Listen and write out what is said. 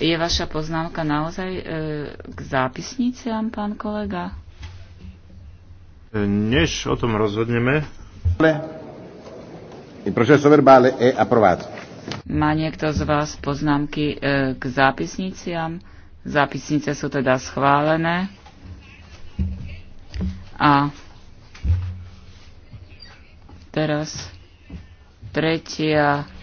Je vaša poznámka naozaj e, k zápisniciam, pán kolega? Než o tom rozhodneme. Má niekto z vás poznámky e, k zápisniciam? Zápisnice sú teda schválené. A teraz tretia